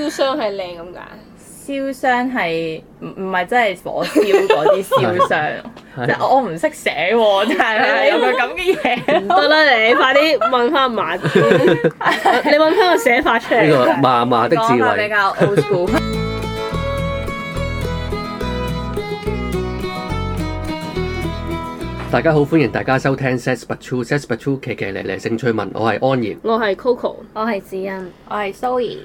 燒傷係靚咁噶？燒傷係唔唔係真係火燒嗰啲燒傷？我唔識寫喎，真係呢個咁嘅嘢唔得啦！你快啲問翻媽，你問翻個寫法出嚟。呢個嫲嫲的智慧比較 old school。大家好，歡迎大家收聽《Says But True》，《Says But True》奇奇嚟嚟，興趣問我係安然，我係 Coco，我係梓欣，我係 Zoie。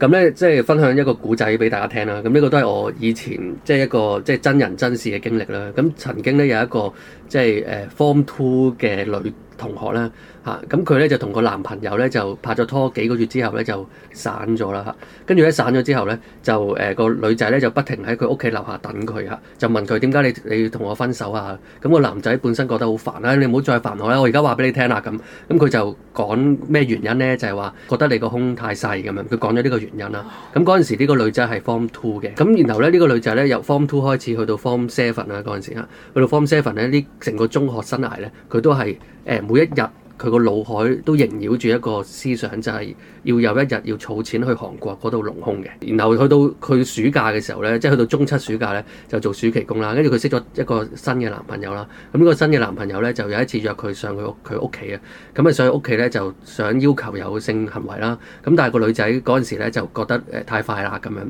咁咧，即係分享一個故仔俾大家聽啦。咁呢個都係我以前即係一個即係真人真事嘅經歷啦。咁曾經咧有一個即係誒 Form Two 嘅女同學咧。嚇，咁佢咧就同個男朋友咧就拍咗拖幾個月之後咧就散咗啦，嚇，跟住咧散咗之後咧就誒、呃，嗰個女仔咧就不停喺佢屋企樓下等佢，嚇，就問佢，點解你你要同我分手啊？咁、嗰個男仔本身覺得好煩啦，你唔好再煩我啦，我而家話俾你聽啦咁。咁佢就講咩原因咧？就係、是、話覺得你個胸太細咁樣。佢講咗呢個原因啦。咁嗰陣時呢個女仔係 form two 嘅，咁然後咧呢、呢個女仔咧由 form two 開始去到 form seven 啦，嗰陣時嚇，去到 form seven 咧，呢成個中學生涯咧佢都係誒、呃、每一日。佢個腦海都縈繞住一個思想，就係、是、要有一日要儲錢去韓國嗰度隆胸嘅。然後去到佢暑假嘅時候咧，即、就、係、是、去到中七暑假咧，就做暑期工啦。跟住佢識咗一個新嘅男朋友啦。咁、那、呢個新嘅男朋友咧，就有一次約佢上佢屋佢屋企啊。咁啊上佢屋企咧，就想要求有性行為啦。咁但係個女仔嗰陣時咧就覺得誒太快啦咁樣。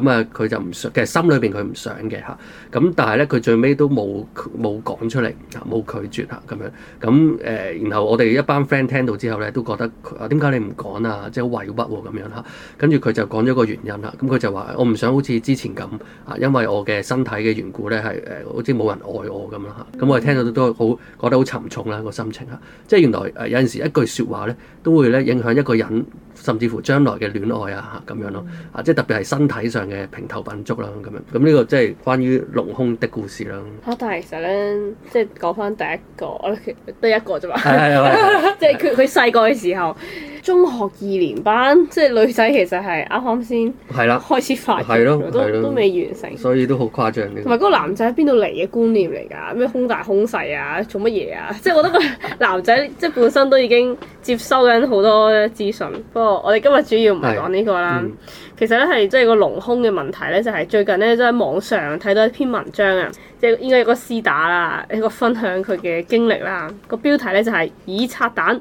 咁啊佢就唔想，其實心裏邊佢唔想嘅嚇。咁但係咧佢最尾都冇冇講出嚟，冇拒絕嚇咁樣。咁、呃、誒，然後我哋。一班 friend 聽到之後咧，都覺得點解你唔講啊？即係好委屈喎、啊、咁樣嚇。跟住佢就講咗個原因啦。咁佢就話：我唔想好似之前咁啊，因為我嘅身體嘅緣故咧，係誒好似冇人愛我咁樣嚇。咁我係聽到都好覺得好沉重啦、啊、個心情嚇。即係原來有陣時一句説話咧，都會咧影響一個人。甚至乎將來嘅戀愛啊，嚇咁樣咯，啊即係特別係身體上嘅評頭品足啦，咁樣咁呢個即係關於隆胸的故事啦、啊。但係其實咧，即係講翻第一個，我得一個啫嘛。係係係。即係佢佢細個嘅時候，中學二年班，即係女仔其實係啱啱先係啦，開始發，係咯，都都未完成，所以都好誇張嘅、這個。同埋嗰個男仔喺邊度嚟嘅觀念嚟㗎？咩胸大胸細啊？做乜嘢啊？即係我覺得個男仔即係本身都已經接收緊好多資訊，Oh, 我哋今日主要唔係講呢個啦，嗯、其實咧係即係個隆胸嘅問題咧，就係、是、最近咧都喺網上睇到一篇文章啊，即、就、係、是、應該有個絲打啦，一個分享佢嘅經歷啦，個標題咧就係、是、已拆彈。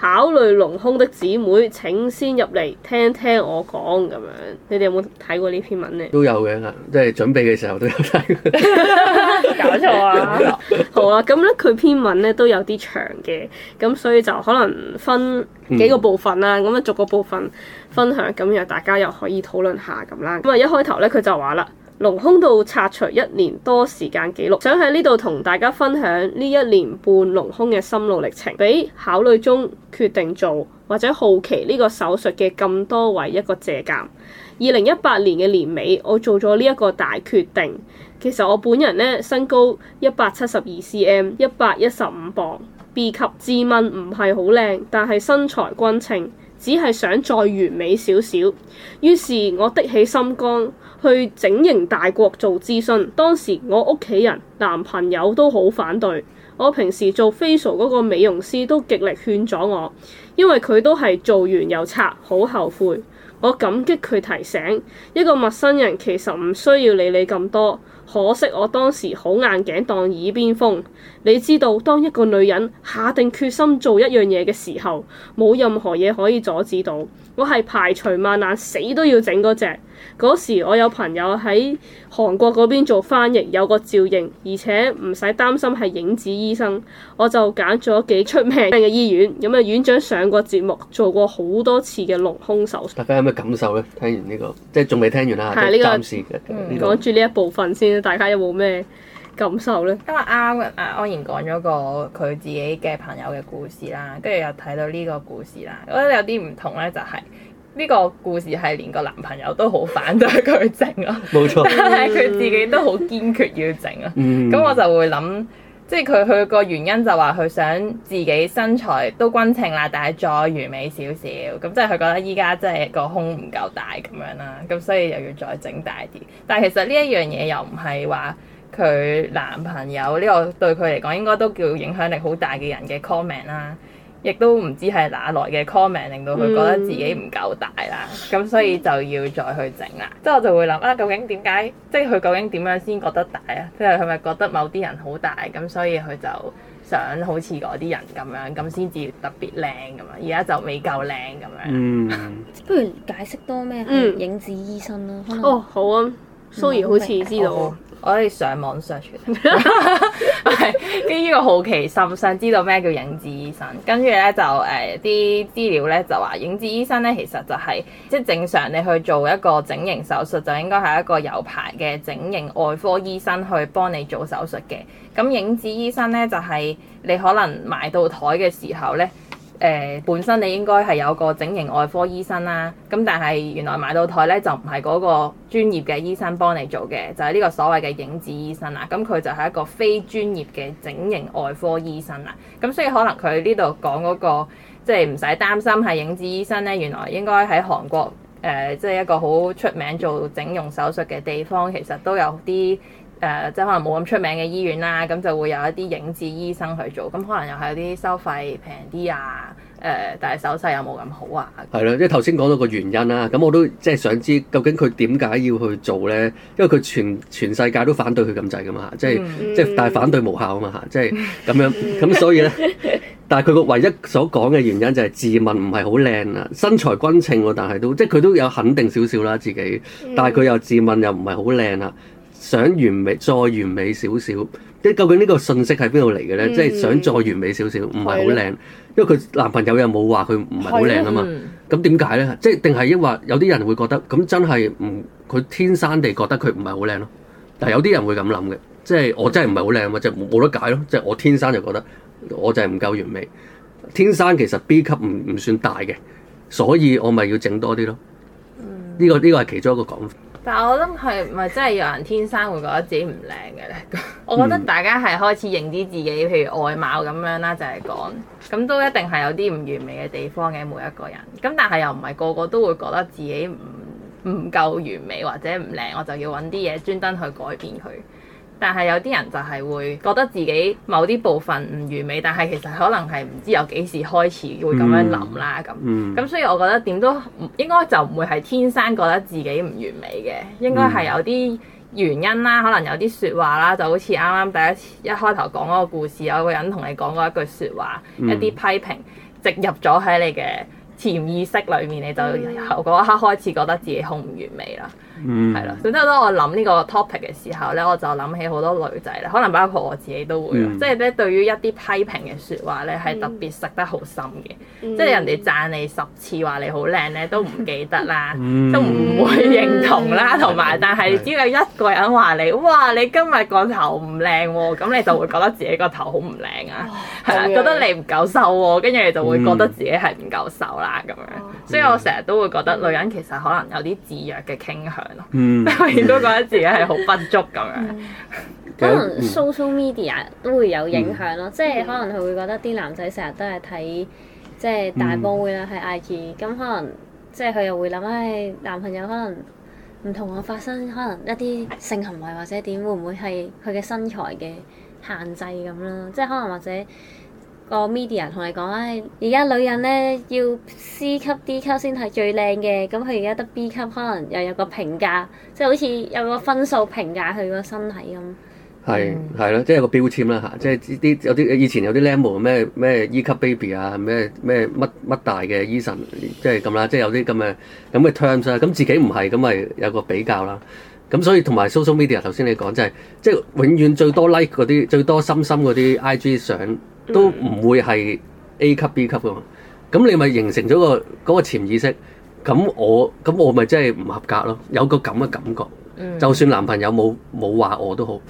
考慮隆胸的姊妹，請先入嚟聽聽我講咁樣。你哋有冇睇過呢篇、啊、 篇文呢？都有嘅啦，即係準備嘅時候都有睇過。搞錯啊！好啦，咁咧佢篇文咧都有啲長嘅，咁所以就可能分幾個部分啦。咁樣、嗯、逐個部分分享，咁樣大家又可以討論下咁啦。咁啊，一開頭咧，佢就話啦。隆胸到拆除一年多時間記錄，想喺呢度同大家分享呢一年半隆胸嘅心路歷程，俾考慮中決定做或者好奇呢個手術嘅咁多位一個借鑑。二零一八年嘅年尾，我做咗呢一個大決定。其實我本人呢，身高一百七十二 cm，一百一十五磅，B 級自問唔係好靚，但係身材勻稱，只係想再完美少少。於是我的起心肝。去整形大國做諮詢，當時我屋企人、男朋友都好反對，我平時做 facial 嗰個美容師都極力勸咗我，因為佢都係做完又拆，好後悔。我感激佢提醒，一個陌生人其實唔需要理你咁多，可惜我當時好硬頸當耳邊風。你知道，當一個女人下定決心做一樣嘢嘅時候，冇任何嘢可以阻止到。我係排除萬難，死都要整嗰隻。嗰時我有朋友喺韓國嗰邊做翻譯，有個照應，而且唔使擔心係影子醫生。我就揀咗幾出名嘅醫院，咁啊院長上過節目，做過好多次嘅隆胸手術。大家有咩感受呢？聽完呢個，即係仲未聽完呢啦，呢個，暫時講住呢一部分先。大家有冇咩？感受咧，今日啱啱安然講咗個佢自己嘅朋友嘅故事啦，跟住又睇到呢個故事啦。我覺得有啲唔同咧、就係，就係呢個故事係連個男朋友都好反對佢整咯，冇沒錯， 但係佢自己都好堅決要整啊。咁、 嗯、我就會諗，即係佢佢個原因就話佢想自己身材都均稱啦，但係再完美少少。咁即係佢覺得依家即係個胸唔夠大咁樣啦，咁所以又要再整大啲。但係其實呢一樣嘢又唔係話。佢男朋友呢個對佢嚟講應該都叫影響力好大嘅人嘅 comment 啦，亦都唔知係哪來嘅 comment 令到佢覺得自己唔夠大啦，咁、嗯、所以就要再去整啦。即係、嗯、我就會諗啊，究竟點解？即係佢究竟點樣先覺得大啊？即係佢係咪覺得某啲人好大，咁所以佢就想好似嗰啲人咁樣，咁先至特別靚咁樣？而家就未夠靚咁樣。 不如解釋多咩？影子醫生啦，可能，哦好啊。蘇怡好似知道，我喺上網 search 跟住個好奇心想知道咩叫影子醫生，跟住咧就誒啲資料咧就話影子醫生咧其實就係、是、即係正常你去做一個整形手術就應該係一個有牌嘅整形外科醫生去幫你做手術嘅，咁、嗯、影子醫生咧就係、是、你可能埋到台嘅時候咧。誒、呃、本身你應該係有個整形外科醫生啦，咁但係原來買到台呢就唔係嗰個專業嘅醫生幫你做嘅，就係、是、呢個所謂嘅影子醫生啦。咁佢就係一個非專業嘅整形外科醫生啦。咁所以可能佢呢度講嗰個即係唔使擔心係影子醫生呢，原來應該喺韓國誒，即、呃、係、就是、一個好出名做整容手術嘅地方，其實都有啲。誒、呃，即係可能冇咁出名嘅醫院啦，咁就會有一啲影子醫生去做，咁可能又係啲收費平啲啊，誒、呃，但係手勢又冇咁好啊。係啦，即係頭先講到個原因啦、啊。咁我都即係想知究竟佢點解要去做咧？因為佢全全世界都反對佢咁滯噶嘛，即係即係，但係反對無效啊嘛，即係咁樣。咁、嗯、所以咧，嗯、但係佢個唯一所講嘅原因就係自問唔係好靚啊，身材均稱喎、啊，但係都即係佢都有肯定少少啦自己，嗯、但係佢又自問又唔係好靚啊。想完美，再完美少少。即究竟呢個信息喺邊度嚟嘅呢？嗯、即係想再完美少少，唔係好靚。係因為佢男朋友又冇話佢唔係好靚啊嘛。咁點解呢？即係定係因為有啲人會覺得咁真係唔佢天生地覺得佢唔係好靚咯。但係有啲人會咁諗嘅，即係我真係唔係好靚啊嘛，冇得、嗯、解咯。即係我天生就覺得我就係唔夠完美。天生其實 B 級唔唔算大嘅，所以我咪要整多啲咯。呢、呢個呢個係其中一個講法。但係我諗係咪真係有人天生會覺得自己唔靚嘅咧？我覺得大家係開始認知自己，譬如外貌咁樣啦，就係講咁都一定係有啲唔完美嘅地方嘅每一個人。咁但係又唔係個個都會覺得自己唔唔夠完美或者唔靚，我就要揾啲嘢專登去改變佢。但係有啲人就係會覺得自己某啲部分唔完美，但係其實可能係唔知由幾時開始會咁樣諗啦咁。咁所以我覺得點都應該就唔會係天生覺得自己唔完美嘅，應該係有啲原因啦，可能有啲説話啦，就好似啱啱第一次一開頭講嗰個故事，有個人同你講過一句説話，嗯、一啲批評植入咗喺你嘅潛意識裏面，你就嗰一刻開始覺得自己好唔完美啦。嗯，係啦。總之咧，當我諗呢個 topic 嘅時候咧，我就諗起好多女仔咧，可能包括我自己都會、嗯、即係咧，對於一啲批評嘅説話咧，係、嗯、特別食得好深嘅。嗯、即係人哋讚你十次話你好靚咧，都唔記得啦，嗯、都唔會認同啦。同埋、嗯，但係只要一個人話你，哇！你今日個頭唔靚喎，咁你就會覺得自己個頭好唔靚啊。係啦，覺得你唔夠瘦喎，啊，跟住你就會覺得自己係唔夠瘦啦咁樣。所以、嗯、我成日都會覺得女人其實可能有啲自虐嘅傾向咯，當、嗯、 都覺得自己係好不足咁樣。嗯、 可能 social media 都會有影響咯，嗯、即係可能佢會覺得啲男仔成日都係睇即係大波會啦，喺 IG 咁可能即係佢又會諗，唉、哎、男朋友可能唔同我發生，可能一啲性行為或者點，會唔會係佢嘅身材嘅限制咁啦？即係可能或者。個 media 同你講、啊，唉，而家女人咧要 C 級 D 級先係最靚嘅，咁佢而家得 B 級，可能又有個評價，即、就、係、是、好似有個分數評價佢個身體咁。係係咯，即係、嗯就是、有個標籤啦嚇，即係啲有啲以前有啲靚模咩咩 E 級 baby 啊，咩咩乜乜大嘅 Eason，即係咁啦，即、就、係、是、有啲咁嘅咁嘅 terms 咁自己唔係咁咪有個比較啦。咁所以同埋 social media 頭先你講、就是，即係即係永遠最多 like 嗰啲，最多心心嗰啲 IG 相。都唔會係 A 級 B 級㗎嘛，咁你咪形成咗個嗰個潛意識，咁我咁我咪真係唔合格囉，有個咁嘅感覺，就算男朋友冇冇話我都好。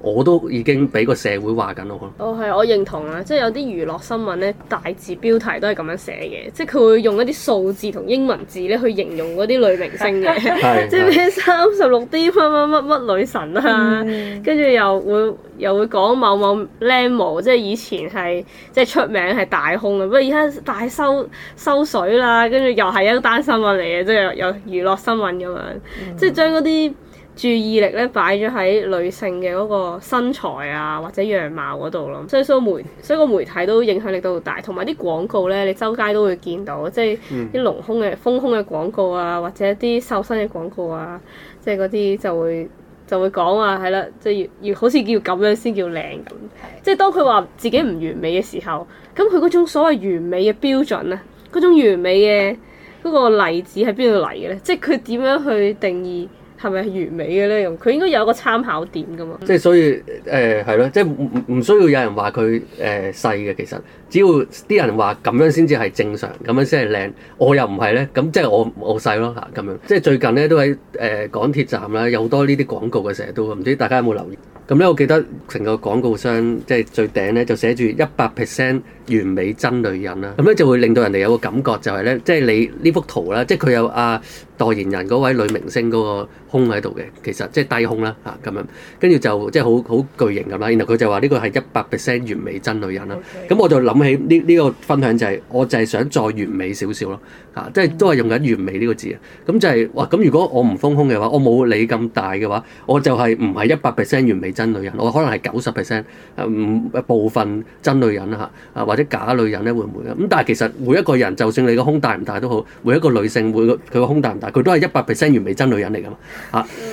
我都已經俾個社會話緊我咯。哦，係，我認同啊！即係有啲娛樂新聞咧，大字標題都係咁樣寫嘅，即係佢會用一啲數字同英文字咧去形容嗰啲女明星嘅， 的即係咩三十六 D 乜乜乜乜女神啊？跟住、嗯、又會又會講某某靚模，即係以前係即係出名係大胸啊，不過而家大收收水啦，跟住又係一個單新聞嚟嘅，即係有又娛樂新聞咁樣，嗯、即係將嗰啲。注意力咧擺咗喺女性嘅嗰個身材啊，或者樣貌嗰度咯，所以所媒所以個媒，媒體都影響力都好大，同埋啲廣告咧，你周街都會見到，即係啲隆胸嘅豐胸嘅廣告啊，或者啲瘦身嘅廣告啊，即係嗰啲就會就會講啊，係啦，即係要好似叫咁樣先叫靚咁，即係當佢話自己唔完美嘅時候，咁佢嗰種所謂完美嘅標準咧，嗰種完美嘅嗰個例子喺邊度嚟嘅咧？即係佢點樣去定義？係咪係完美嘅咧？咁佢應該有一個參考點噶嘛。即係所以誒係咯，即係唔唔需要有人話佢誒細嘅其實。只要啲人話咁樣先至係正常，咁樣先係靚，我又唔係呢，咁即係我我細咯嚇、啊、咁樣。即係最近呢都喺誒、呃、港鐵站啦，有好多呢啲廣告嘅成日都，唔知大家有冇留意？咁呢，我記得成個廣告商即係最頂呢，就寫住一百 percent 完美真女人啦，咁咧就會令到人哋有個感覺就係呢，即係你呢幅圖啦，即係佢有阿、啊、代言人嗰位女明星嗰個胸喺度嘅，其實即係低胸啦嚇咁樣，跟住就即係好好巨型咁啦，然後佢就話呢個係一百 percent 完美真女人啦，咁 Okay. 我就諗。呢呢個分享就係我就係想再完美少少咯，嚇，即係都係用緊完美呢個字啊。咁就係哇，咁如果我唔豐胸嘅話，我冇你咁大嘅話，我就係唔係一百 percent 完美真女人，我可能係九十 percent 誒唔部分真女人嚇，啊或者假女人咧會唔會啊？咁但係其實每一個人，就算你個胸大唔大都好，每一個女性每佢個胸大唔大，佢都係一百 percent 完美真女人嚟噶嘛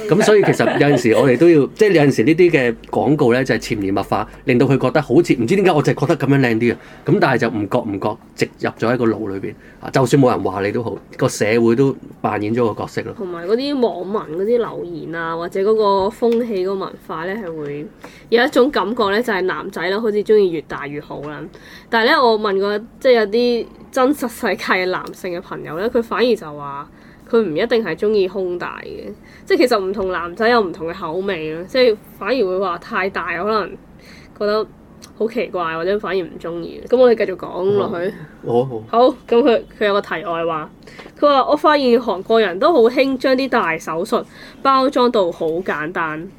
嚇。咁所以其實有陣時我哋都要，即係有陣時呢啲嘅廣告咧就係潛移默化，令到佢覺得好似唔知點解我就係覺得咁樣靚啲嘅。咁但係就唔覺唔覺植入咗喺個腦裏邊啊！就算冇人話你都好，個社會都扮演咗個角色咯。同埋嗰啲網民嗰啲留言啊，或者嗰個風氣、個文化呢，係會有一種感覺呢，就係男仔咧，好似中意越大越好啦。但係呢，我問過即係有啲真實世界嘅男性嘅朋友呢，佢反而就話佢唔一定係中意胸大嘅，即係其實唔同男仔有唔同嘅口味咯。即係反而會話太大，可能覺得。好奇怪或者反而唔中意嘅，咁我哋繼續講落去。好，好，好，咁佢佢有個題外話，佢話我發現韓國人都好興將啲大手術包裝到好簡單。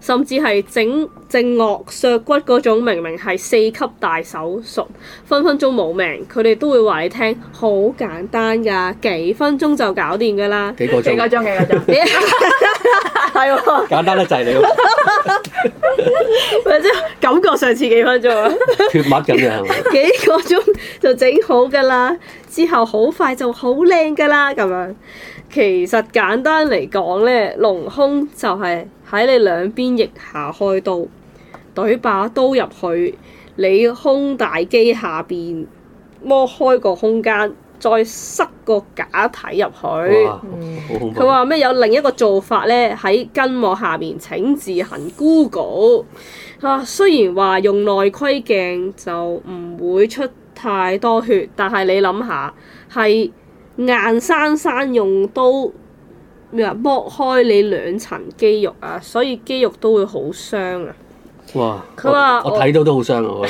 甚至係整正顎削骨嗰種，明明係四級大手術，分分鐘冇命，佢哋都會話你聽，好簡單噶，幾分鐘就搞掂噶啦，幾個鐘？幾個鐘？幾個鐘？係喎，簡單得滯你，或 者 感覺上似幾分鐘啊，脫襪咁樣係咪？幾個鐘就整好噶啦，之後好快就好靚噶啦咁樣。其實簡單嚟講呢，隆胸就係喺你兩邊腋下開刀，懟把刀入去，你胸大肌下邊剝開個空間，再塞個假體入去。佢話咩？嗯嗯、有另一個做法呢？喺筋膜下面請自行 Google。啊，雖然話用內窺鏡就唔會出太多血，但係你諗下，係。硬生生用刀咩啊剝開你兩層肌肉啊，所以肌肉都會好傷啊！哇！佢話我睇我到都好傷啊！我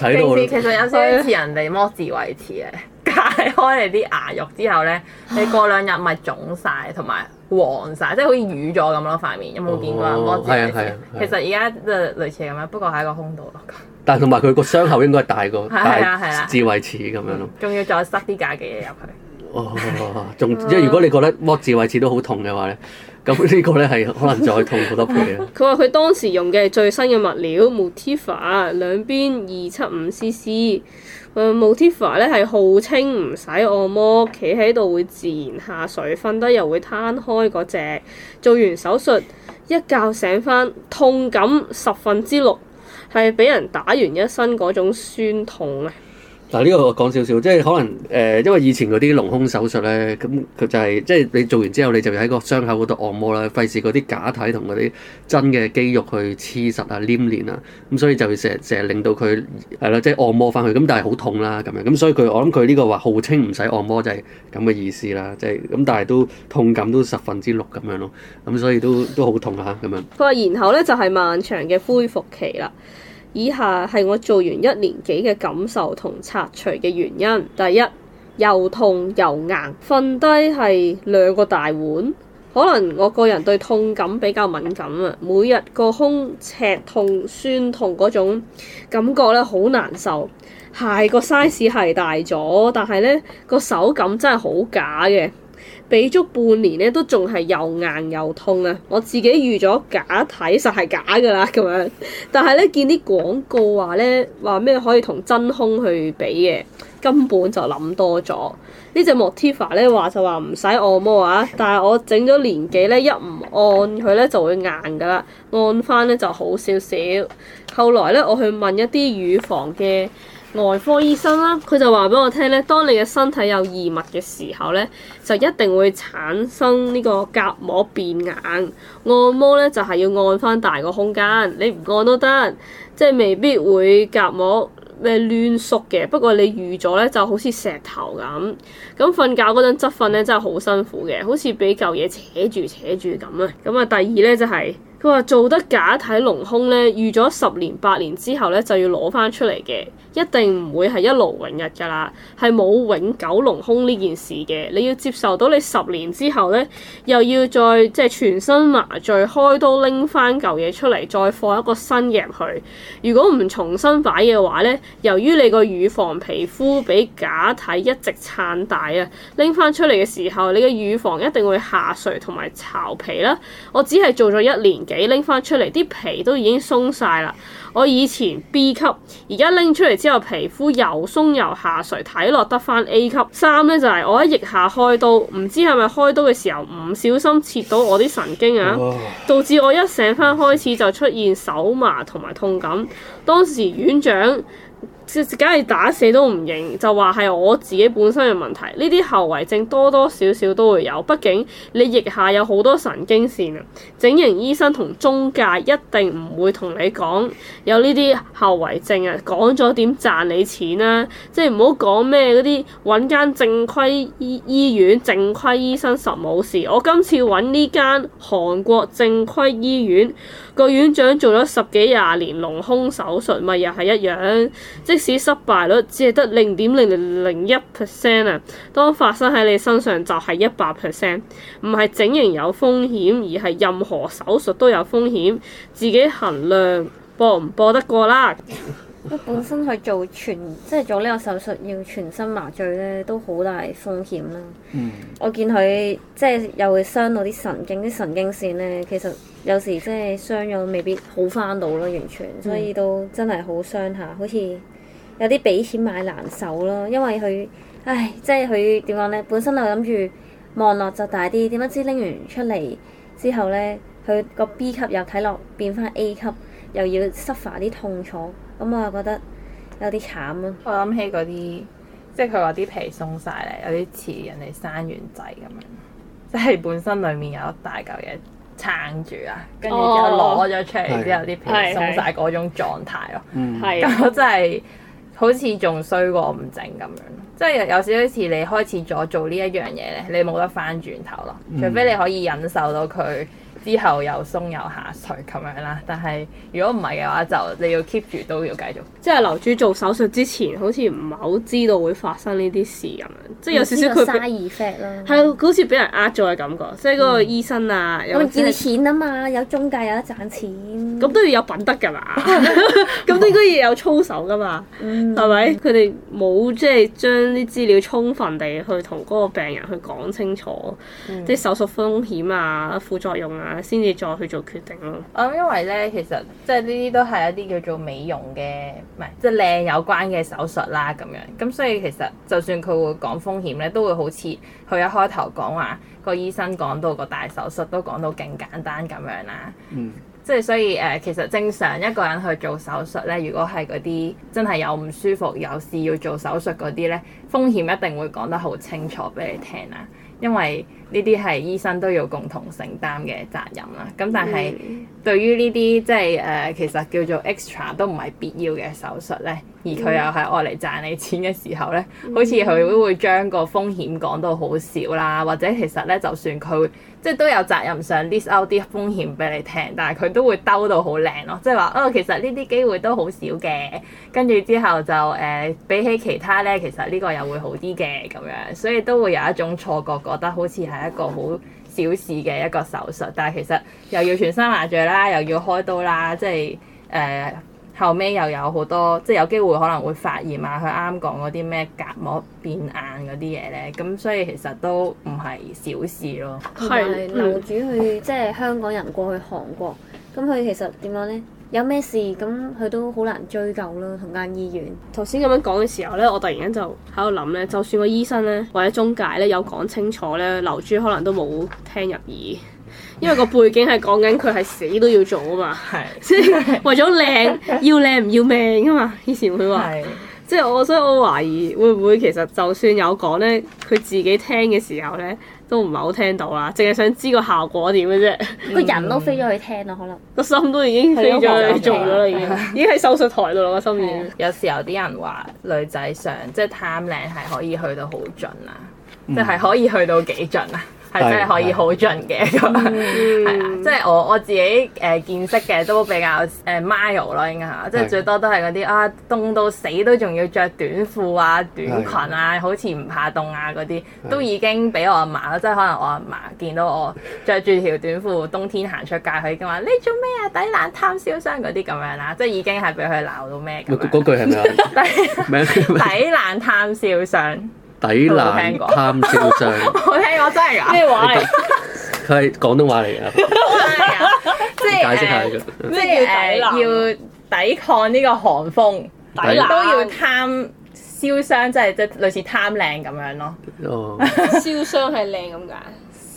睇到其實有少少似人哋剝智慧齒啊。解開你啲牙肉之後咧，你過兩日咪腫晒同埋黃晒， 即係好似瘀咗咁咯塊面。有冇見過人剝、哦、啊，智慧齒啊。啊啊其實而家就類似咁樣，不過喺個胸度咯。但係同埋佢個傷口應該係大過啊。智慧齒咁樣咯。仲要再塞啲假嘅嘢入去。哇、哦！仲即係如果你覺得剝字位置都好痛嘅話咧，咁呢個咧係可能再痛好多倍啊！佢話佢當時用嘅係最新嘅物料，Motiva 兩邊二七五 cc。誒，Motiva 咧係號稱唔使按摩，企喺度會自然下垂，瞓低又會攤開嗰隻。做完手術一覺醒翻，痛感十分之六，係俾人打完一身嗰種酸痛啊！嗱，呢個我講少少，即係可能誒、呃，因為以前嗰啲隆胸手術咧，咁佢就係、是、即係你做完之後，你就喺個傷口嗰度按摩啦，費事嗰啲假體同嗰啲真嘅肌肉去黐實啊、黏連啊，咁、嗯、所以就成日成日令到佢係啦，即、嗯、係、就是、按摩翻去，咁但係好痛啦、啊、咁樣，咁所以佢我諗佢呢個話號稱唔使按摩就係咁嘅意思啦，即係咁，但係都痛感都十分之六咁樣咯，咁、嗯、所以都都好痛嚇、啊、咁樣。佢話，然後咧就係、是、漫長嘅恢復期啦。以下係我做完一年幾嘅感受同拆除嘅原因。第一，又痛又硬，瞓低係兩個大碗。可能我個人對痛感比較敏感啊。每日個胸赤痛酸痛嗰種感覺咧，好難受。鞋個 size 係大咗，但係咧個手感真係好假嘅。俾足半年咧，都仲係又硬又痛啊！我自己預咗假體，實係假㗎啦咁樣。 但係咧，見啲廣告話咧話咩可以同真空去比嘅，根本就諗多咗。呢隻 Motiva 咧話就話唔使按摩啊，但係我整咗年幾咧，一唔按佢咧就會硬㗎啦，按翻咧就好少少。後來咧，我去問一啲乳房嘅外科醫生啦，佢就話俾我聽咧，當你嘅身體有異物嘅時候咧，就一定會產生呢個莢膜變硬。按摩咧就係要按翻大個空間，你唔按都得，即係未必會莢膜咩攣縮嘅。不過你預咗咧，就好似石頭咁，咁瞓覺嗰陣執瞓咧，真係好辛苦嘅，好似俾嚿嘢扯住扯住咁啊。咁啊，第二咧就係。佢話做得假體隆胸呢，預咗十年八年之後呢，就要攞翻出嚟嘅，一定唔會係一勞永逸噶啦，係冇永久隆胸呢件事嘅。你要接受到你十年之後呢，又要再即係全身麻醉開刀拎翻嚿嘢出嚟，再放一個新嘅入去。如果唔重新擺嘅話呢，由於你個乳房皮膚比假體一直撐大啊，拎翻出嚟嘅時候，你嘅乳房一定會下垂同埋巢皮啦。我只係做咗一年。幾拎翻出嚟，啲皮都已經鬆晒啦。我以前 B 級，而家拎出嚟之後皮膚又鬆又下垂，睇落得翻 A 級。三呢就係我喺腋下開刀，唔知係咪開刀嘅時候唔小心切到我啲神經啊，導致我一醒翻開始就出現手麻同埋痛感。當時院長。梗係打死都唔認，就話係我自己本身嘅問題。呢啲後遺症多多少少都會有，畢竟你腋下有好多神經線啊。整形醫生同中介一定唔會同你講有呢啲後遺症啊，講咗點賺你錢啦，啊。即係唔好講咩嗰啲揾間正規醫醫院、正規醫生實冇事。我今次揾呢間韓國正規醫院。個院長做咗十幾廿年隆胸手術，咪又係一樣。即使失敗率只係得零點零零零一 percent 啊，當發生喺你身上就係一百 percent。唔係整形有風險，而係任何手術都有風險。自己衡量，搏唔搏得過啦？本身佢做全即係做呢個手術，要全身麻醉咧，都好大風險啦。嗯、我見佢即係又會傷到啲神經，啲神經線咧，其實有時即係傷咗，未必好翻到啦，完全所以都真係、嗯、好傷下，好似有啲俾錢買難受咯。因為佢唉，即係佢點講咧？本身就諗住望落就大啲，點不知拎完出嚟之後咧，佢個 B 級又睇落變翻 A 級，又要 suffer 啲痛楚。咁、嗯、我又覺得有啲慘啊。我諗起嗰啲，即係佢話啲皮鬆晒咧，有啲似人哋生完仔咁樣，即係本身裡面有一大嚿嘢撐住啊，跟住、哦、之後攞咗出嚟之後啲的皮鬆晒嗰的種狀態咯。咁真係好似仲衰過唔整咁樣，即係有少少似你開始咗做，做一呢一樣嘢，你冇得翻轉頭咯，除非你可以忍受到佢。嗯之後又鬆又下垂咁樣啦，但係如果唔係嘅話，就你要 keep 住都要繼續。即係樓主做手術之前，好似唔係好知道會發生呢啲事咁樣，即係有少少佢，嘥 effect 咯，係啊，好似俾人呃咗嘅感覺，即係嗰個醫生啊。有見、嗯就是、錢啊嘛，有中介有得賺錢。咁都要有品德㗎嘛，咁都 應該要有操守㗎嘛，係咪、嗯？佢哋冇即係將啲資料充分地去同嗰個病人去講清楚，嗯、即係手術風險啊、副作用啊。先至再去做決定咯。啊、嗯，因為咧，其實即係呢啲都係一啲叫做美容嘅，唔係即係靚有關嘅手術啦，咁樣。咁所以其實就算佢會講風險咧，都會好似佢一開頭講話個醫生講到個大手術都講到勁簡單咁樣啦。嗯。即係所以誒、呃，其實正常一個人去做手術咧，如果係嗰啲真係有唔舒服、有事要做手術嗰啲咧，風險一定會講得好清楚俾你聽啦。因為呢啲係醫生都要共同承擔嘅責任啦，咁但係對於呢啲即係誒，其實叫做 extra 都唔係必要嘅手術咧，而佢又係愛嚟賺你錢嘅時候咧，好似佢都會將個風險講到好少啦，或者其實咧，就算佢，即係都有責任上 list out 啲風險俾你聽，但係佢都會兜到好靚咯，即係話哦，其實呢啲機會都好少嘅。跟住之後就誒、呃，比起其他呢，其實呢個又會好啲嘅咁樣，所以都會有一種錯覺，覺得好似係一個好小事嘅一個手術，但係其實又要全身麻醉啦，又要開刀啦，即係誒。呃後尾又有好多，即係有機會可能會發炎啊！佢啱講嗰啲咩隔膜變硬嗰啲嘢呢。咁所以其實都唔係小事咯。係樓主去即係香港人過去韓國，咁佢其實點樣呢？有咩事咁佢都好難追究咯，同間醫院。頭先咁樣講嘅時候呢，我突然間就喺度諗呢：就算個醫生呢，或者中介呢，有講清楚呢，樓主可能都冇聽入耳。因為個背景係講緊佢係死都要做啊嘛，所以是的 為咗靚， 要靚唔要命啊嘛。以前會話，即係我，所以我懷疑會唔會其實就算有講咧，佢自己聽嘅時候咧，都唔係好聽到啦，淨係想知個效果點嘅啫。個人都飛咗去聽咯，可能個心都已經飛咗去做咗啦，已經，已經喺手術台度啦，個心已的。有時候啲人話女仔上即係貪靚係可以去到好盡啊，即係、嗯、可以去到幾盡啊？係真係可以好盡嘅，咁係啊！即係、 就是、我我自己誒、呃、見識嘅都比較誒 mild、呃、咯，應該嚇，即係最多都係嗰啲啊凍到死都仲要着短褲啊、短裙啊，對好似唔怕凍啊嗰啲，對都已經俾我阿嫲即係可能我阿嫲見到我着住條短褲冬天行出街，佢已經話你做咩啊？抵冷 探燒傷嗰啲咁樣啦，即係已經係俾佢鬧到咩？嗰句係咩啊？抵冷探燒傷。抵冷貪燒傷，冇 聽過，真係㗎，咩話嚟？佢係 廣東話嚟㗎。 真係啊嗎， 解釋下、呢個，即係誒、呃，要抵抗呢個寒風，抵懶都要貪燒傷，即係即係類似貪靚咁樣咯。燒、 哦、 傷係靚咁㗎？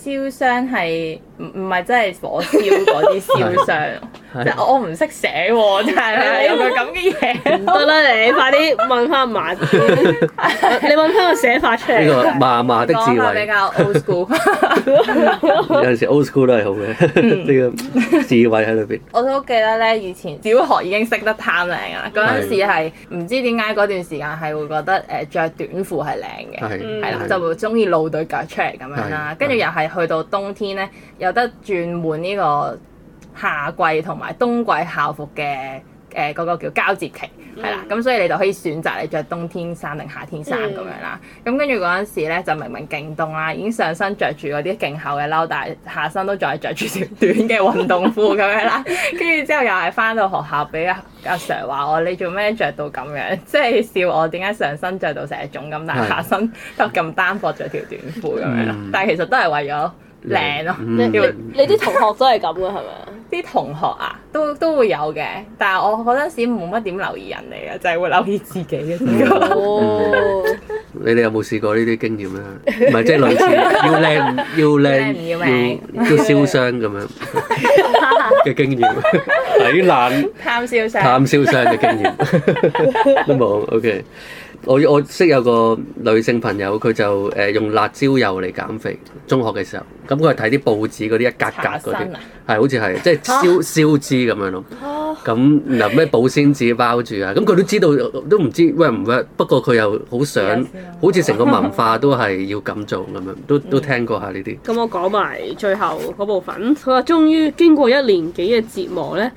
燒傷係唔唔係真係火燒嗰啲燒傷？ 即係我唔識寫喎，真係有個咁嘅嘢，唔得啦你，快啲問翻嫲，你問翻個 寫法出嚟。嫲嫲的智慧比較 old school。 有陣時 old school 都係好嘅，呢 啲 智慧喺裏邊。我都記得咧，以前小學已經識得貪靚啊！嗰陣時係唔知點解嗰段時間係會覺得誒著短褲係靚嘅，係啦，就會中意露對腳出嚟咁樣啦。跟住又係去到冬天咧，有得轉換呢個。夏季同埋冬季校服嘅誒嗰個叫交接期，係啦，咁、mm. 嗯、所以你就可以選擇你着冬天衫定夏天衫咁樣啦。咁跟住嗰陣時咧，就明明勁凍啊，已經上身着住嗰啲勁厚嘅褸，但係下身都仲係着住條短嘅運動褲咁樣啦。跟住 之後又係翻到學校俾阿阿 sir 話我：你做咩着到咁樣？即係笑我點解上身着到成日腫咁，但係下身都咁單薄着條短褲咁樣。Mm. 但係其實都係為咗。靚咯，啊嗯、你、嗯、你啲同學都係咁噶係咪啊？啲 同學啊，都都會有嘅，但係我嗰陣時冇乜點留意人嚟啊，就係、是、會留意自己嘅。嗯嗯、 你哋有冇試過呢啲經驗啊？唔係即係類似要靚要靚，要燒傷咁樣嘅經驗，睇爛貪燒傷貪燒傷嘅經驗， 哎、經驗 都冇 OK。我我識有個女性朋友，佢就誒用辣椒油嚟減肥。中學嘅時候，咁佢係睇啲報紙嗰啲一格格嗰啲，係、啊、好似係即係燒燒脂咁樣咯。咁嗱咩保鮮紙包住啊？咁佢都知道都唔知 work 唔 work，不過佢又好想，好似成個文化都係要咁做咁樣，都都聽過下呢啲。咁、嗯、我講埋最後嗰部分，佢話終於經過一年幾嘅折磨咧，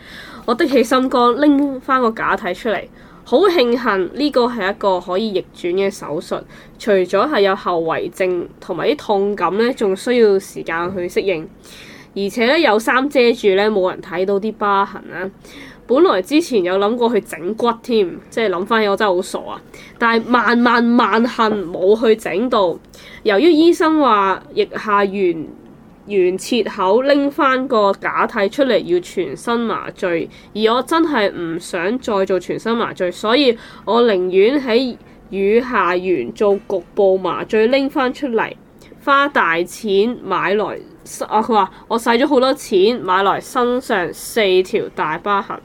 我的起心肝拎翻個假體出嚟。好慶幸呢個係一個可以逆轉嘅手術，除咗係有後遺症同埋啲痛感呢，仲需要時間去適應，而且呢有衫遮住呢，冇人睇到啲疤痕啦。本來之前有諗過去整骨添，即係諗翻起我真係好傻啊！但係萬萬萬幸冇去整到，由於醫生話腋下完原切口拎返個假體出嚟要全身麻醉，而我真係唔想再做全身麻醉，所以我寧願喺乳下緣做局部麻醉拎返出嚟，花大錢買來，啊、我佢話我使咗好多錢買來身上四條大疤痕。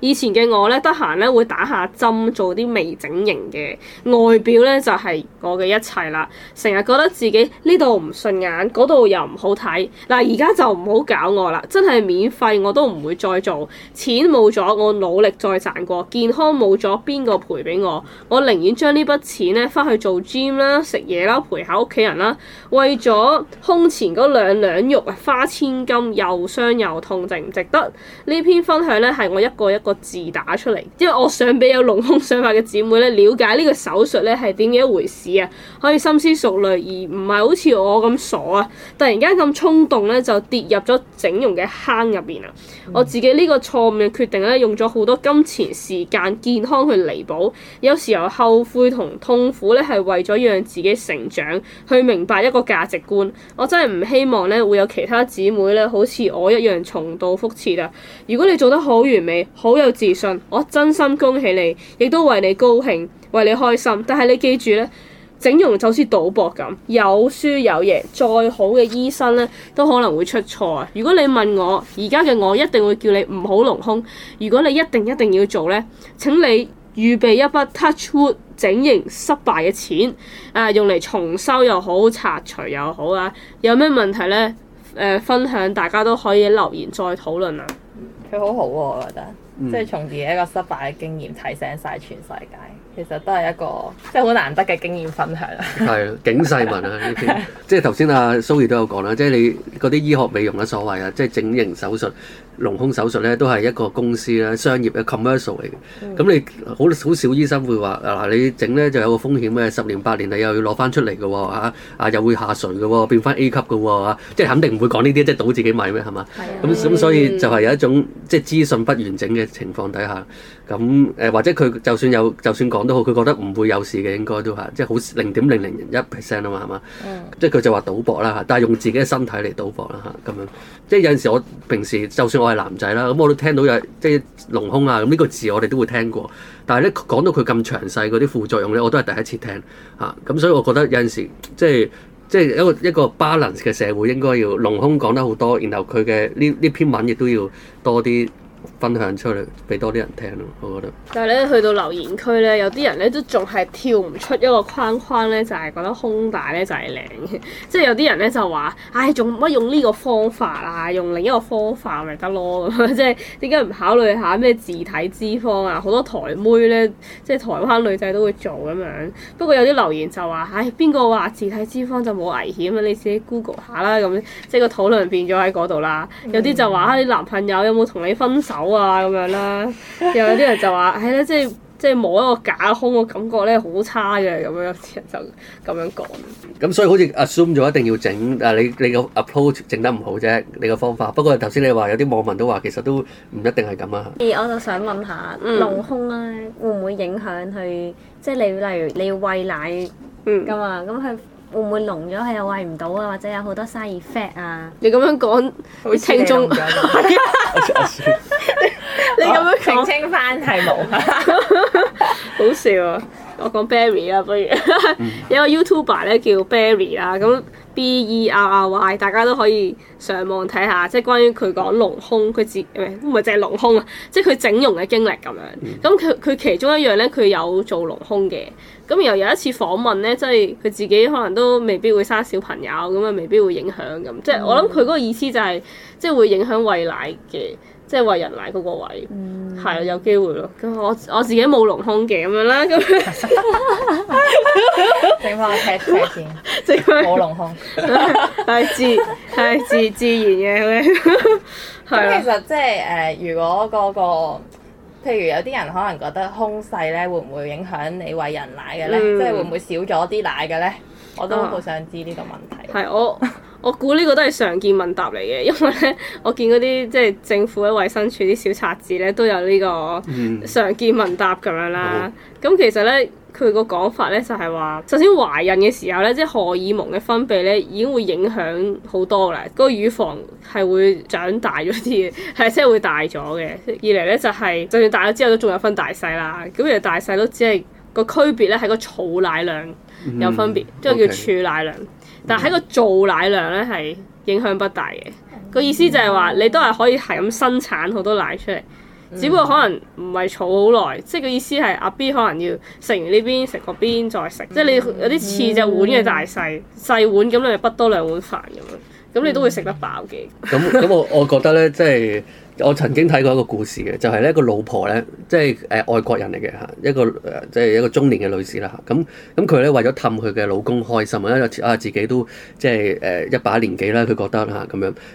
以前嘅我咧，得閒咧會打下針，做啲微整形嘅外表咧就係我嘅一切啦。成日覺得自己呢度唔順眼，嗰度又唔好睇。嗱而家就唔好搞我啦，真係免費我都唔會再做。錢冇咗，我努力再賺過，健康冇咗，邊個賠俾我？我寧願將呢筆錢咧，翻去做 gym 啦，食嘢啦，陪下屋企人啦。為咗胸前嗰兩兩肉啊，花千金又傷又痛，值唔值得？呢篇分享咧係我一個一個個字打出嚟，因為我想俾有隆胸想法嘅姊妹咧，了解呢個手術咧係點樣一回事啊，可以深思熟慮而唔係好似我咁傻啊，突然間咁衝動咧就跌入咗整容嘅坑入邊啊！我自己呢個錯誤嘅決定咧，用咗好多金錢、時間、健康去彌補，有時候後悔同痛苦咧係為咗讓自己成長，去明白一個價值觀。我真係唔希望咧會有其他姊妹咧好似我一樣重蹈覆轍啊！如果你做得好完美，好～都有自信，我真心恭喜你，亦都為你高興，為你開心。但係你記住咧，整容就好似賭博咁，有輸有贏。再好嘅醫生咧，都可能會出錯啊！如果你問我而家嘅我，一定會叫你唔好隆胸。如果你一定一定要做咧，請你預備一筆 touch wood 整形失敗嘅錢啊、呃，用嚟重修又好，拆除又好啊！有咩問題咧？誒、呃，分享大家都可以留言再討論啊！佢好好、啊，我覺得。即係從自己一個失敗嘅經驗提醒晒全世界。其實都係一個即係好難得嘅經驗分享。係啊，警世文啊，呢、okay? 啲， 即係頭先阿蘇怡都有講啦，即係你嗰啲醫學美容咧，所謂啊，即係整形手術、隆胸手術咧，都係一個公司咧、商業嘅 commercial 嚟嘅。咁、嗯、你好好少醫生會話嗱，你整咧就有個風險咩？十年八年你又要攞翻出嚟嘅喎，啊又會下垂嘅喎，變翻 A 級嘅喎、啊、即係肯定唔會講呢啲，即、就、係、是、倒自己米咩係嘛？咁咁的所以就係有一種即係資訊不完整嘅情況底下。咁誒，或者佢就算有，就算講都好，佢覺得唔會有事嘅，應該都係，即係好零點零零一 percent 啊嘛，係嘛？嗯。即係佢就話賭博啦嚇，但係用自己嘅身體嚟賭博啦嚇，咁樣。即係有陣時我平時就算我係男仔啦，咁我都聽到有即係隆胸啊，咁呢個字我哋都會聽過。但係咧講到佢咁詳細嗰啲副作用咧，我都係第一次聽嚇。咁所以我覺得有陣時即係即係一個一個 balance 嘅社會，應該要隆胸講得好多，然後佢嘅呢呢篇文亦都要多啲。分享出嚟俾多啲人聽咯，我覺得。但係咧去到留言區咧，有啲人咧都仲係跳唔出一個框框咧，就係、是、覺得胸大咧就係靚嘅。即 係有啲人咧就話：，唉、哎，仲乜用呢個方法啊？用另一個方法咪得囉？咁即係點解唔考慮下咩自體脂肪啊？好 多台妹咧，即、就、係、是、台灣女仔都會做咁樣。 不過有啲留言就話：，唉、哎，邊個話自體脂肪就冇危險啊？你自己 Google 下啦，咁即係個討論變咗喺嗰度啦。 有啲就話：，嚇、哎、你男朋友有冇同你分手？走啊，咁樣啦，又有啲人就話，係咧，即係即係冇一個假胸嘅感覺咧，好差嘅，咁樣有啲人就咁樣講。咁所以好似 assume 咗一定要整，但你你個 approach 整得唔好啫，你個方法。不過頭先你話有啲網民都話，其實都唔一定係咁啊。而我就想問下隆胸咧，會唔會影響佢？即係你例如你要餵奶噶、嗯、嘛，咁佢。會唔會隆咗係又餵唔到啊，或者有好多生熱 fat 啊？你咁樣講，澄清翻係冇。好笑啊！我講 Barry 啊，不如 有個 YouTuber 咧叫 Barry 啊。咁。B E R R Y，大家都可以上網睇下，即係關於佢講隆胸，佢自誒唔係唔係淨係隆胸啊，即係佢整容嘅經歷咁樣。咁佢佢其中一樣咧，佢有做隆胸嘅。咁又有一次訪問咧，即係佢自己可能都未必會生小朋友，咁啊未必會影響咁。嗯、即係我諗佢嗰個意思就係、是，即係會影響餵奶嘅。即係餵人奶嗰個位，係啊，有機會咯。咁我我自己冇隆胸嘅咁樣啦，咁整翻我睇睇先，整翻冇隆胸，但係自係自自然嘅。係啊，其實即係誒，如果嗰個，譬如有啲人可能覺得胸細咧，會唔會影響你餵人奶嘅咧？即係會唔會少咗啲奶嘅咧？我都好想知呢個問題。係我。我估呢個都係常見問答嚟嘅，因為咧我見嗰啲即係政府喺衞生署啲小冊子咧都有呢個常見問答咁樣啦。咁、嗯嗯、其實咧佢個講法咧就係、是、話，首先懷孕嘅時候咧，即係荷爾蒙嘅分泌咧已經會影響好多啦。嗰、那個、乳房係會長大咗啲嘅，係即係會大咗嘅。二嚟咧就係、是，就算大咗之後都仲有分大細啦。咁其實大細都只係、那個區別咧，係個儲奶量有分別，即係叫儲奶量。嗯 okay 嗯但係個做奶量咧係影響不大嘅，個意思就係話你都係可以係咁生產好多奶出嚟，只不過可能唔係儲好耐，嗯、即係個意思係阿 B 可能要食完呢邊食嗰邊再食，即係你有啲似隻碗嘅大細細、嗯、碗咁，你係不多兩碗飯咁樣，咁你都會食得飽嘅。咁咁、嗯、 我我覺得咧即係。我曾經睇過一個故事嘅，就係、是、咧一個老婆咧，即係誒外國人嚟嘅嚇，一個即係一個中年嘅女士啦嚇，咁咁佢咧為咗氹佢嘅老公開心啊，因為啊自己都即係誒、啊、一把年紀啦，佢覺得嚇咁、啊、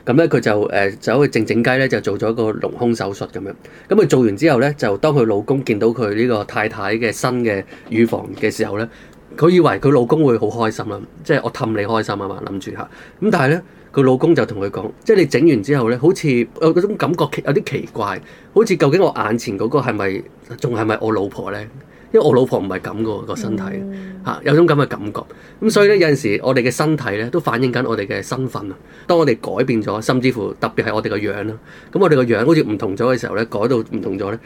樣，咁咧佢就誒走去靜靜雞咧就做咗個隆胸手術咁樣，咁、啊、佢做完之後咧，就當佢老公見到佢呢個太太嘅新嘅乳房嘅時候咧，佢以為佢老公會好開心啦，即係我氹你開心啊嘛，諗住嚇，咁但係咧。佢老公就同佢講，即係你整完之後呢，好似有種感覺奇有啲奇怪，好似究竟我眼前嗰個係咪仲係咪我老婆呢？因為我老婆唔係咁嘅個身體嚇，有種咁嘅感覺。咁所以呢，有陣時我哋嘅身體呢，都反映緊我哋嘅身份啊。當我哋改變咗，甚至乎特別係我哋個樣啦。咁我哋個樣好似唔同咗嘅時候呢，改到唔同咗呢。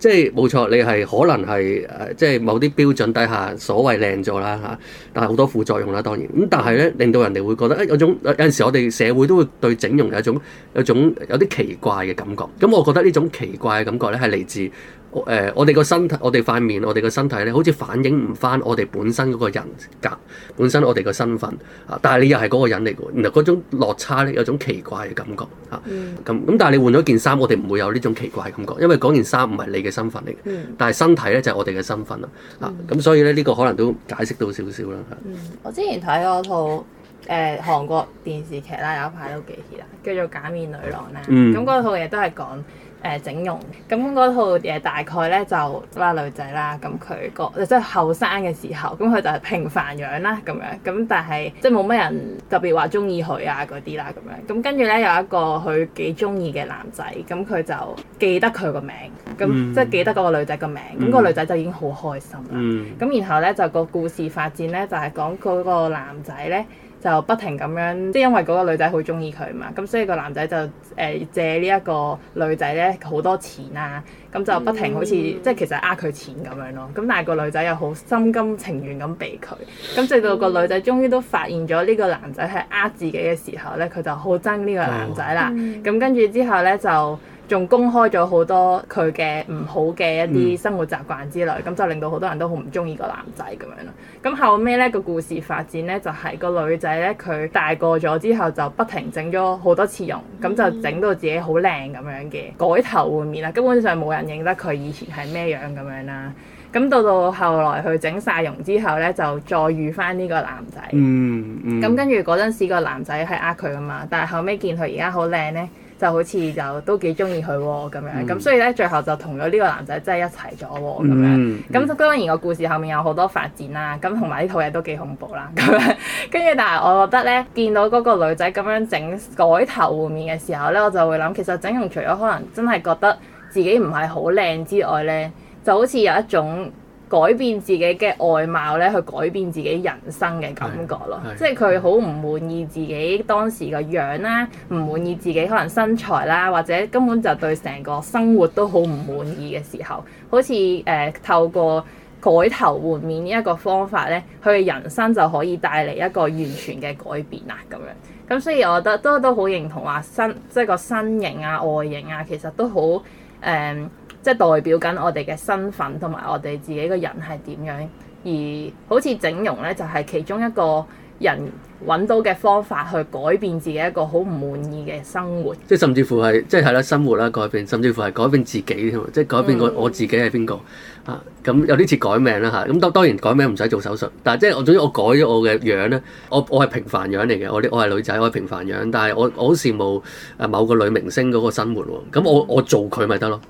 即係冇錯，你係可能係誒，即係某啲標準底下所謂靚咗啦嚇，但係好多副作用啦，當然。咁但係咧，令到人哋會覺得誒、哎、有種有陣時，我哋社會都會對整容有一種有種有啲奇怪嘅感覺。咁我覺得呢種奇怪嘅感覺咧，係嚟自。誒，我哋個身體，我哋塊面，我哋個身體咧，好似反映唔返我哋本身嗰個人格，本身我哋個身份啊。但係你又係嗰個人嚟嘅喎，嗱嗰種落差咧，有種奇怪嘅感覺嚇。咁咁、嗯，但係你換咗件衫，我哋唔會有呢種奇怪嘅感覺，因為嗰件衫唔係你嘅身份嚟嘅。嗯、但係身體咧就係我哋嘅身份啦。啊、嗯，咁所以咧呢個可能都解釋到少少啦。嗯、我之前睇嗰套誒韓國電視劇啦，有一排都幾 hit 啊，叫做《假面女郎》啦。咁嗰套嘢都係講。嗯嗯誒、呃、整容咁嗰套嘢大概咧就拉女仔啦，咁佢個即係後生嘅時候，咁佢就係平凡樣啦咁樣，咁但係即係冇乜人特別話中意佢啊嗰啲啦咁樣，咁跟住咧有一個佢幾中意嘅男仔，咁佢就記得佢個名，咁、mm hmm. 即係記得嗰個女仔個名，咁、個女仔就已經好開心啦。咁、mm hmm. 然後咧就個故事發展咧就係、是、講嗰個男仔咧。就不停咁樣，即係因為嗰個女仔好中意佢嘛，咁所以個男仔就誒、呃、借呢一個女仔咧好多錢啦、啊。咁就不停好似、嗯、即係其實呃佢錢咁樣咯，咁但係個女仔又好心甘情願咁俾佢，咁直到個女仔終於都發現咗呢個男仔係呃自己嘅時候咧，佢就好憎呢個男仔啦，咁跟住之後咧就。仲公開咗好多佢嘅唔好嘅一啲生活習慣之類，咁、嗯、就令到好多人都好唔中意個男仔咁樣啦。咁後尾呢個故事發展呢，就係、是、個女仔呢，佢大個咗之後就不停整咗好多次容，咁就整到自己好靚咁樣嘅改頭換面啦，根本上冇人認得佢以前係咩樣咁樣啦。咁到到後來佢整晒容之後呢，就再遇翻呢個男仔、嗯，嗯咁跟住嗰陣時個男仔係呃佢㗎嘛，但係後尾見佢而家好靚呢。就好似就都幾中意佢喎咁樣，咁、嗯、所以呢，最後就同咗呢個男仔真係一齊咗喎咁樣。咁、嗯嗯、當然個故事後面有好多發展啦，咁同埋呢套嘢都幾恐怖啦咁樣。跟 住但係我覺得呢，見到嗰個女仔咁樣整改頭換面嘅時候呢，我就會諗，其實整容除咗可能真係覺得自己唔係好靚之外呢，就好似有一種改變自己嘅外貌咧，去改變自己人生嘅感覺咯。即係佢好唔滿意自己當時個樣啦，唔滿意自己可能身材啦，或者根本就對成個生活都好唔滿意嘅時候，好似誒、呃、透過改頭換面呢一個方法咧，佢嘅人生就可以帶嚟一個完全嘅改變啊！咁樣咁，所以我覺得都都好認同話、啊、身即係個身形啊、外形啊，其實都好誒。嗯即係代表緊我哋嘅身份，同埋我哋自己個人係點樣？而好似整容呢，就係其中一個人揾到嘅方法去改變自己一個好唔滿意嘅生活。即係甚至乎係，即係係啦，生活啦，改變，甚至乎係改變自己添，即係改變我自己係邊個啊？咁有啲似改名啦嚇，咁、啊、當然改名唔使做手術，但係即係我總之我改咗我嘅樣呢。我我係平凡樣嚟嘅，我我係女仔，我係平凡樣，但係我我好羨慕某個女明星嗰個生活喎。咁我我做佢咪得咯？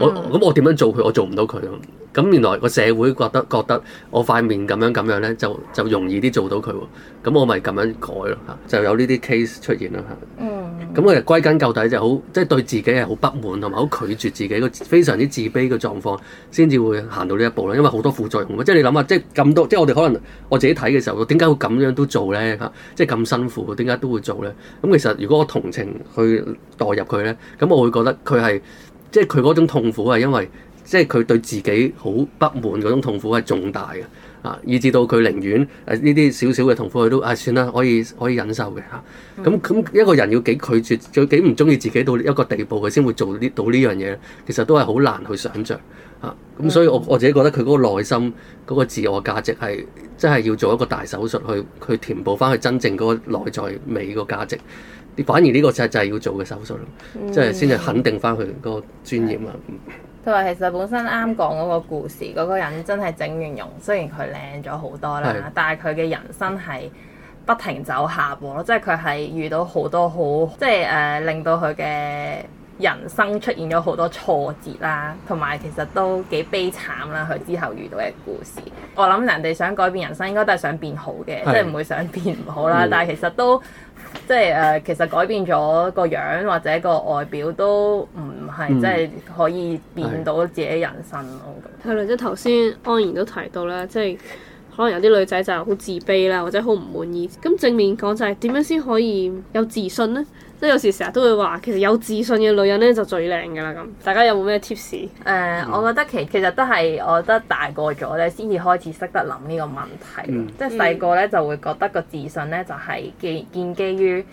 我咁我點樣做佢？我做唔到佢咯。咁原來個社會覺得覺得我塊面咁樣咁樣咧，就就容易啲做到佢喎。咁我咪咁樣改咯嚇，就有呢啲 case 出現啦嚇。嗯。咁我哋歸根究底就好，即係對自己係好不滿，同埋好拒絕自己個非常之自卑嘅狀況，先至會行到呢一步啦。因為好多副作用，即係你諗下，即係咁多，即係我哋可能我自己睇嘅時候，點解會咁樣都做咧嚇？即係咁辛苦，點解都會做咧？咁其實如果我同情去代入佢咧，咁我會覺得佢係。即係佢嗰種痛苦係因為即係佢對自己好不滿嗰種痛苦係重大嘅啊，以至到佢寧願誒呢啲少少嘅痛苦佢都啊算啦，可以可以忍受嘅嚇。咁、啊、咁一個人要幾拒絕，要幾唔中意自己到一個地步，佢先會做呢到呢樣嘢，其實都係好難去想像嚇。咁、啊、所以我我自己覺得佢嗰個內心嗰、嗰個自我價值係真係要做一個大手術去去填補翻佢真正嗰個內在美個價值。反而呢個就係要做嘅手術，即係先係肯定翻佢嗰個專業啊！佢話、嗯、其實本身啱講嗰個故事，嗰、嗰個人真係整完容，雖然佢靚咗好多啦，的但係佢嘅人生係不停走下坡咯，即係佢係遇到好多好，即係誒令到佢嘅。人生出現咗好多挫折啦，同埋其實都幾悲慘啦。佢之後遇到嘅故事，我諗人哋想改變人生，應該都係想變好嘅，的即係唔會想變唔好啦。嗯、但係其實都即係誒、呃，其實改變咗個樣或者個外表都唔係、嗯、即係可以變到自己人生咯。係啦，即係頭先安然都提到啦，即係可能有啲女仔就好自卑啦，或者好唔滿意。咁正面講就係點樣先可以有自信呢？即係有時成日都會話，其實有自信嘅女人咧就最靚嘅啦咁。大家有冇咩 tips？誒，我覺得其其實都係我覺得大個咗咧，先至開始識得諗呢個問題。嗯、即係細個咧就會覺得個自信咧就係基建基於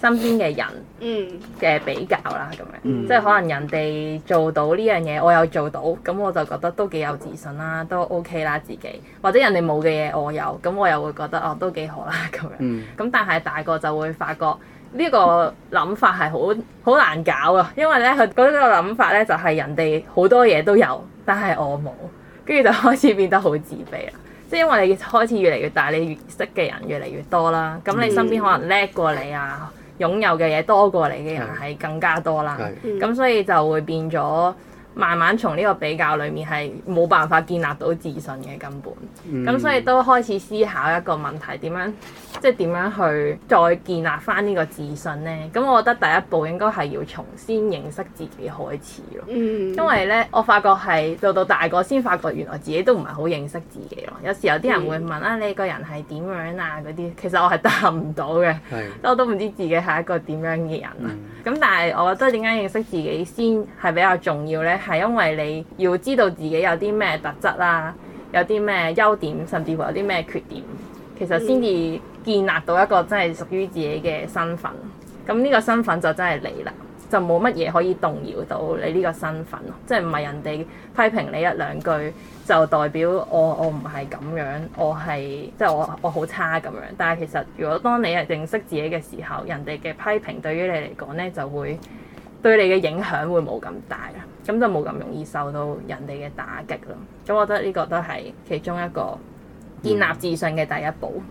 身邊嘅人嘅比較啦咁、嗯、樣。嗯、即係可能人哋做到呢樣嘢，我有做到，咁我就覺得都幾有自信啦，嗯、都 OK 啦自己。或者人哋冇嘅嘢我有，咁我又會覺得哦，都幾好啦咁樣。咁、嗯、但係大個就會發覺。呢個諗法係好好難搞啊，因為咧佢覺得呢個諗法咧就係、是、人哋好多嘢都有，但係我冇，跟住就開始變得好自卑啦。即係因為你開始越嚟越大，你越識嘅人越嚟越多啦，咁你身邊可能叻過你啊，擁有嘅嘢多過你嘅人係更加多啦。咁所以就會變咗。慢慢從呢個比較裏面係冇辦法建立到自信嘅根本，咁、嗯、所以都開始思考一個問題，點樣即係點樣去再建立翻呢個自信呢？咁我覺得第一步應該係要從先認識自己開始咯，嗯、因為呢，我發覺係到到大個先發覺原來自己都唔係好認識自己咯。有時有啲人會問、嗯、啊，你個人係點樣啊？嗰啲其實我係答唔到嘅，所以、是、我都唔知自己係一個點樣嘅人啊。咁、嗯、但係我覺得點解認識自己先係比較重要呢？係因為你要知道自己有啲咩特質啦，有啲咩優點，甚至乎有啲咩缺點，其實先至建立到一個真係屬於自己嘅身份。咁呢個身份就真係你啦，就冇乜嘢可以動搖到你呢個身份。即係唔係人哋批評你一兩句就代表我我唔係咁樣，我係即係我我好差咁樣。但係其實如果當你係認識自己嘅時候，人哋嘅批評對於你嚟講呢，就會對你嘅影響會冇咁大啊。咁就冇咁容易受到人哋嘅打擊咯。咁我覺得呢個都係其中一個建立自信嘅第一步，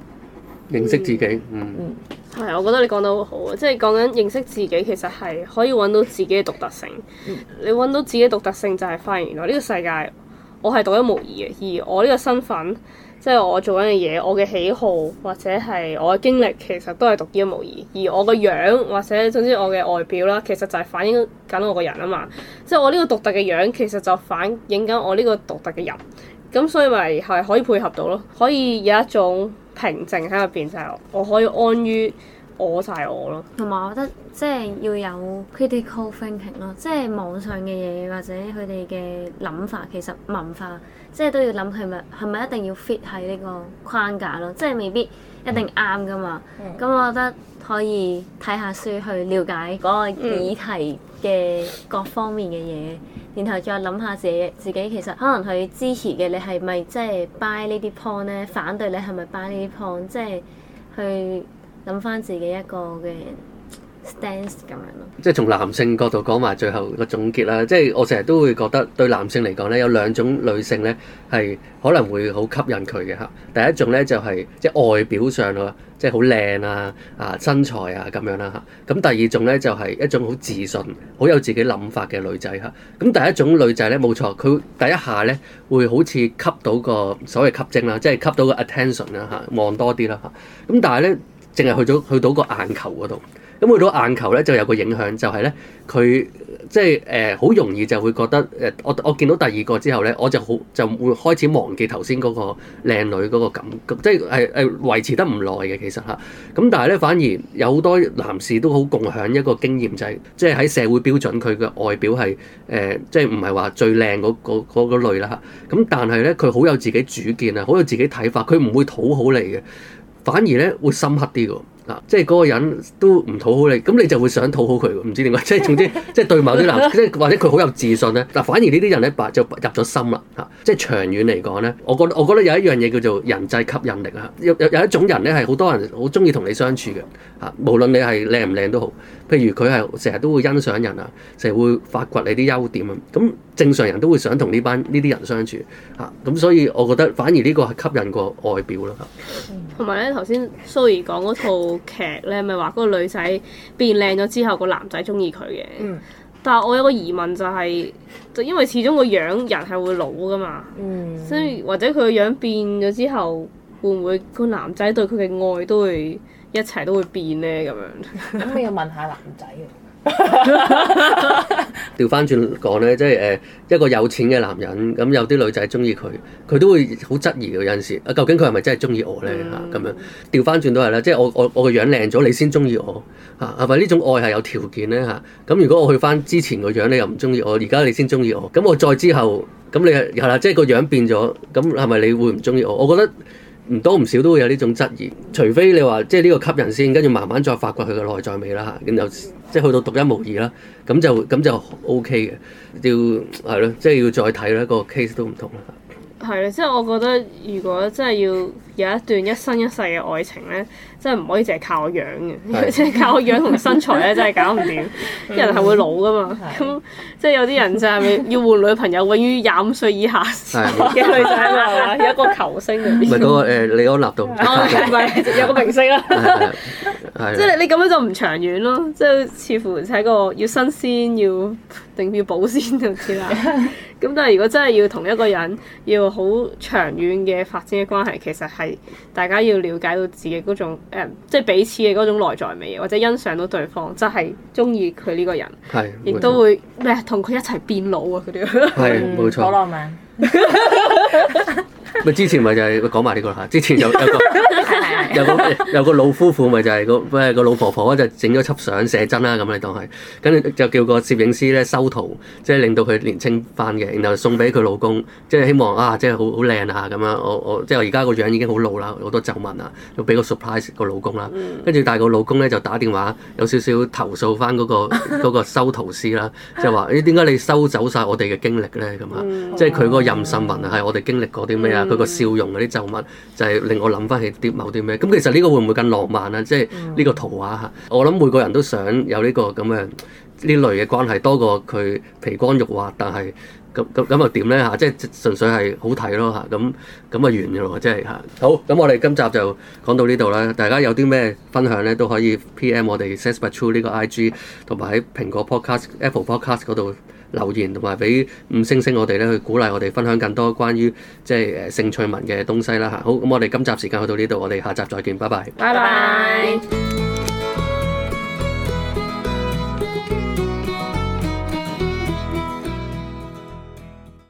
嗯，認識自己。嗯，係、嗯，我覺得你講得好好，即係講緊認識自己，其實係可以揾到自己嘅獨特性。嗯，你揾到自己獨特性，就係發現原來呢個世界。我係獨一無二嘅，而我呢個身份，即係我做緊嘅嘢，我嘅喜好或者係我嘅經歷，其實都係獨一無二。而我個樣或者總之我嘅外表啦，其實就係反映緊我個人啊嘛。即係我呢個獨特嘅樣，其實就反映緊我呢個獨特嘅人。咁所以咪係可以配合到咯，可以有一種平靜喺入邊就係，我可以安於我晒我咯，同埋我覺得即係要有 critical thinking 咯，即係網上嘅嘢或者佢哋嘅諗法，其實文化即係都要諗佢咪係咪一定要 fit 喺呢個框架咯，即係未必一定啱噶嘛。咁、嗯嗯、我覺得可以睇下書去了解嗰個議題嘅各方面嘅嘢，嗯、然後再諗下自己自己其實可能佢支持嘅你係咪即係 buy 呢啲 point 咧？反對你係咪 buy 呢啲 point？即係去。諗翻自己一個嘅 stance 咁樣咯，即係從男性角度講埋最後個總結啦。即係我成日都會覺得對男性嚟講咧，有兩種女性咧係可能會好吸引佢嘅嚇。第一種咧就係即係外表上咯，即係好靚啊、啊身材啊咁樣啦嚇。咁第二種咧就係一種好自信、好有自己諗法嘅女仔嚇。咁第一種女仔咧冇錯，佢第一下咧會好似吸到個所謂吸精啦，即係吸到個 attention 啦嚇，望多啲啦嚇。咁但係咧。淨係去到去到個眼球嗰度，咁、嗯、去到眼球咧就有個影響，就係咧佢即係誒好容易就會覺得誒、呃，我我見到第二個之後咧，我就好就會開始忘記頭先嗰個靚女嗰個感覺，即係誒誒維持得唔耐嘅其實吓，咁、嗯、但係咧反而有好多男士都好共享一個經驗，就係即係喺社會標準，佢嘅外表係誒即係唔係話最靚嗰、嗰個嗰個、類啦嚇。咁、嗯、但係咧佢好有自己主見啊，好有自己睇法，佢唔會討好你嘅。反而咧會深刻啲喎。即係嗰個人都唔討好你，咁你就會想討好佢，唔知點解。即係總之，即係對某啲男，即係 或者佢好有自信咧。嗱，反而呢啲人咧，白就入咗心啦。嚇！即係長遠嚟講咧，我覺得我覺得有一樣嘢叫做人際吸引力啊！有有一種人咧係好多人好中意同你相處嘅嚇，無論你係靚唔靚都好。譬如佢係成日都會欣賞人啊，成日會發掘你啲優點啊。咁正常人都會想同呢班呢啲人相處嚇。咁所以我覺得反而呢個係吸引過外表咯。同埋咧，頭先 Zoie 講嗰套。劇咧咪話嗰個女仔變靚咗之後，個男仔中意佢嘅。嗯、但係我有個疑問就係、是，就因為始終個樣人係會老噶嘛，嗯、所以或者佢個樣變咗之後，會唔會個男仔對佢嘅愛都會一齊都會變咧咁樣咁你要問下男仔。調翻轉講呢，即係誒，一個有錢嘅男人咁，有啲女仔中意佢，佢都會好質疑。有陣時啊，究竟佢係咪真係中意我呢？吓咁樣？調翻轉都係啦，即係我我我個樣靚咗，你先中意我吓係咪？呢種愛係有條件呢？吓咁。如果我去翻之前個樣，你又唔中意我，而家你先中意我，咁我再之後咁你係啦，即係個樣變咗咁，係咪你會唔中意我？我覺得唔多唔少都會有呢種質疑，除非你話即係呢個吸引先，跟住慢慢再發掘佢嘅內在美啦吓，咁就。即係去到獨一無二啦，咁就咁就 OK 嘅，要係咯，即係要再睇啦，個 case 都唔同啦。係啊，即係我覺得，如果真係要有一段一生一世嘅愛情咧。真係唔可以淨係靠我樣嘅，淨係的靠我樣同身材咧，真係搞唔掂。啲人係會老噶嘛，咁的即係有啲人就係要換女朋友，永遠廿五歲以下嘅女仔嘛，係嘛的？有個球星嗰邊，唔係嗰個誒李安哦，唔係、呃啊、 有個明星啦，即係你咁樣就唔長遠咯，即係似乎就喺個要新鮮，要定要，要保鮮咁似啦。咁但係如果真係要同一個人，要好長遠嘅發展嘅關係，其實係大家要了解到自己嗰種。誒，um，即係彼此嘅嗰種內在美，或者欣賞到對方，即係鍾意佢呢個人，係是，亦都會咩同佢一齊變老啊！嗰啲係冇錯，好浪漫。 之前咪就係講埋呢個嚇，之前有個 有個有個有個老夫婦咪就係個誒個老婆婆就整咗輯相寫真啦咁，你當係，跟住，就叫個攝影師咧修圖，即係令到佢年青翻嘅，然後送俾佢老公，即係希望啊，即係好好靚啊咁樣，我我即係而家個樣已經好老啦，好多皺紋啊，要俾個 surprise 個老公啦，跟住但係個老公咧就打電話有少少投訴翻嗰個修圖師啦，就話誒點解你收走晒我哋嘅經歷咧咁啊？即係佢嗰個任信文啊，係我哋經歷過啲咩啊？佢個笑容嗰啲皺紋，就係、是、令我諗翻起啲某啲咩。咁其實呢個會唔會更浪漫啊？即係呢個圖畫嚇，嗯、我諗每個人都想有呢、這個咁嘅呢類嘅關係，多過佢皮光肉滑。但係咁咁咁又點咧嚇？即、啊、係、就是、純粹係好睇咯嚇。咁咁啊完嘅喎，即係嚇。好，咁我哋今集就講到呢度啦。大家有啲咩分享咧，都可以 P.M 我哋 Sayspectool 呢個 I.G，同埋喺蘋果 Podcast、Apple Podcast 嗰度。留言同埋畀五星星我哋咧，去鼓勵我哋分享更多關於，即係誒性趣文嘅東西啦吓。好，咁我哋今集時間去到呢度，我哋下集再見，拜拜。拜拜。